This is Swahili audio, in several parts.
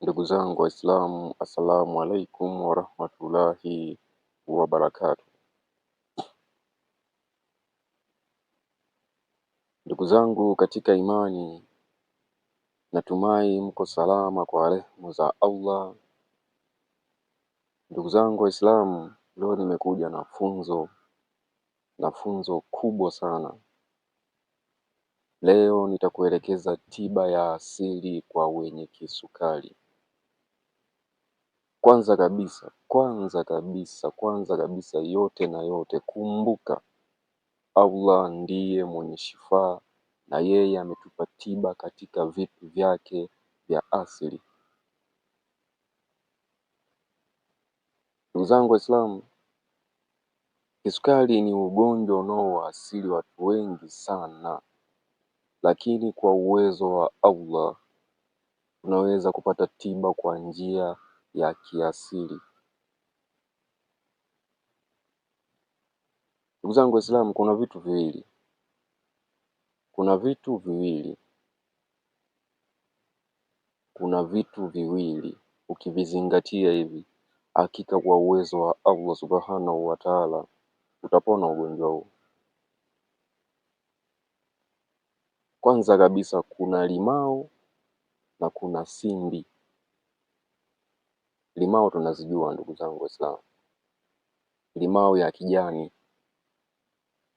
Ndugu zangu Waislamu, assalamu alaikum warahmatullahi wabarakatu. Ndugu zangu katika imani, natumai mko salama kwa rehema za Allah. Ndugu zangu Waislamu, leo nimekuja na funzo na funzo kubwa sana. Leo nitakuelekeza tiba ya asili kwa wenye kisukari. Kwanza kabisa, kwanza kabisa, kwanza kabisa, yote na yote, kumbuka Allah ndiye mwenye shifaa na yeye ametupa tiba katika vitu vyake vya asili. Ndugu zangu Waislamu, kisukari ni ugonjwa unaowaasili watu wengi sana, lakini kwa uwezo wa Allah unaweza kupata tiba kwa njia ya kiasili. Ndugu zangu Waislamu, kuna vitu viwili, kuna vitu viwili, kuna vitu viwili ukivizingatia hivi, hakika kwa uwezo wa Allah subhanahu wa taala utapona ugonjwa huu. Kwanza kabisa kuna limao na kuna simbi. Limao tunazijua ndugu zangu Waislamu, limao ya kijani,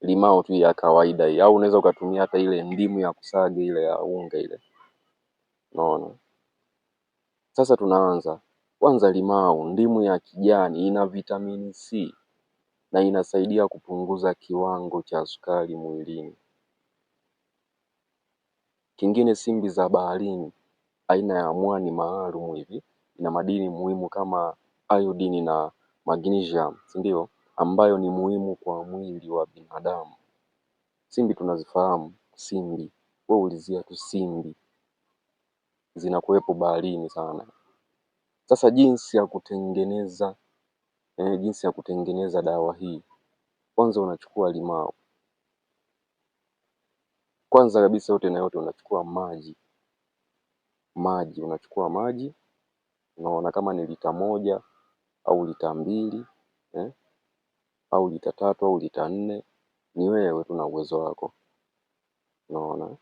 limao tu ya kawaida hii, au unaweza ukatumia hata ile ndimu ya kusaga ile ya unga ile, unaona. Sasa tunaanza kwanza, limao, ndimu ya kijani ina vitamini C na inasaidia kupunguza kiwango cha sukari mwilini. Kingine, simbi za baharini aina ya mwani maalum hivi ina madini muhimu kama iodini na magnesium, si ndio? Ambayo ni muhimu kwa mwili wa binadamu. Simbi tunazifahamu, simbi, wewe ulizia tu simbi, zinakuwepo baharini sana. Sasa jinsi ya kutengeneza eh, jinsi ya kutengeneza dawa hii, kwanza unachukua limao kwanza kabisa, yote na yote unachukua maji maji, unachukua maji unaona kama ni lita moja au lita mbili eh, au lita tatu au lita nne, ni wewe tu na uwezo wako. Unaona,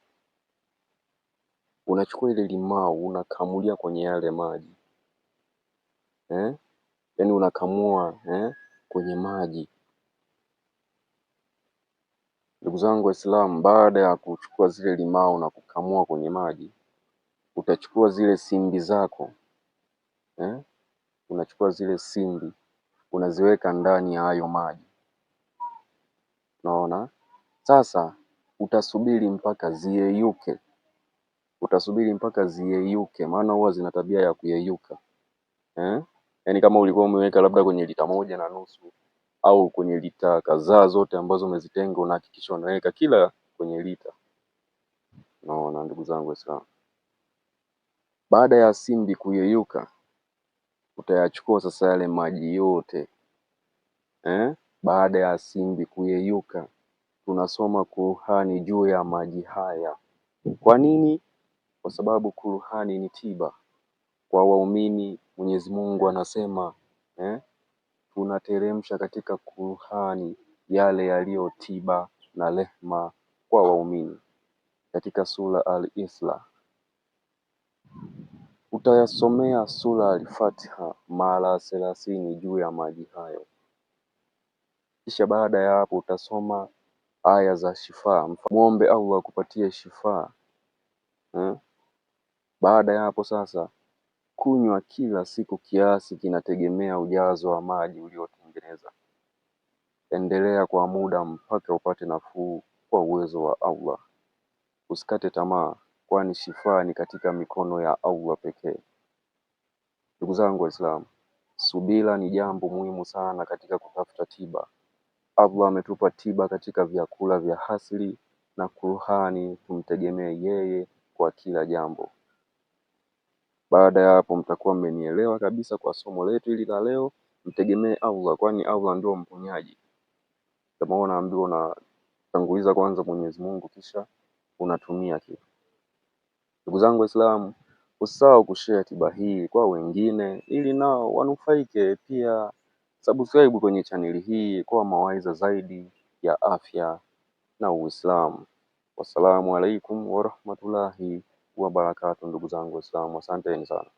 unachukua ile limau unakamulia kwenye yale maji eh, yani unakamua eh, kwenye maji. Ndugu zangu Waislamu, baada ya kuchukua zile limau na kukamua kwenye maji, utachukua zile simbi zako eh? Unachukua zile simbi unaziweka ndani ya hayo maji, unaona. Sasa utasubiri mpaka ziyeyuke, utasubiri mpaka ziyeyuke, maana huwa zina tabia ya kuyeyuka eh? Yani kama ulikuwa umeweka labda kwenye lita moja na nusu au kwenye lita kadhaa zote ambazo umezitenga, unahakikisha unaweka kila kwenye lita. Unaona ndugu zangu Waislamu, baada ya simbi kuyeyuka utayachukua sasa yale maji yote eh? Baada ya simbi kuyeyuka, tunasoma kuruhani juu ya maji haya. Kwa nini? Kwa sababu kuruhani ni tiba kwa waumini. Mwenyezi Mungu anasema eh? Tunateremsha katika kuruhani yale yaliyo tiba na rehma kwa waumini katika sura Al-Isra Tutayasomea sura al mara thelathini juu ya maji hayo, kisha baada ya hapo utasoma aya za shifaa. Muombe Allah akupatie shifaa eh? Baada ya hapo sasa, kunywa kila siku kiasi kinategemea ujazo wa maji uliotengeneza. Endelea kwa muda mpaka upate nafuu kwa uwezo wa Allah, usikate tamaa kwani shifa ni katika mikono ya Allah pekee. Ndugu zangu Waislamu, subira ni jambo muhimu sana katika kutafuta tiba. Allah ametupa tiba katika vyakula vya asili na kuruhani, tumtegemee yeye kwa kila jambo. Baada ya hapo, mtakuwa mmenielewa kabisa kwa somo letu hili la leo. Mtegemee Allah, kwani Allah ndio mponyaji. Kama unaambiwa unatanguliza kwanza Mwenyezi Mungu, kisha unatumia kitu Ndugu zangu Waislamu, usisahau kushare tiba hii kwa wengine, ili nao wanufaike pia. Subscribe kwenye chaneli hii kwa mawaidha zaidi ya afya na Uislamu. Wassalamu alaikum warahmatullahi wabarakatu, ndugu zangu Waislamu, asanteni sana.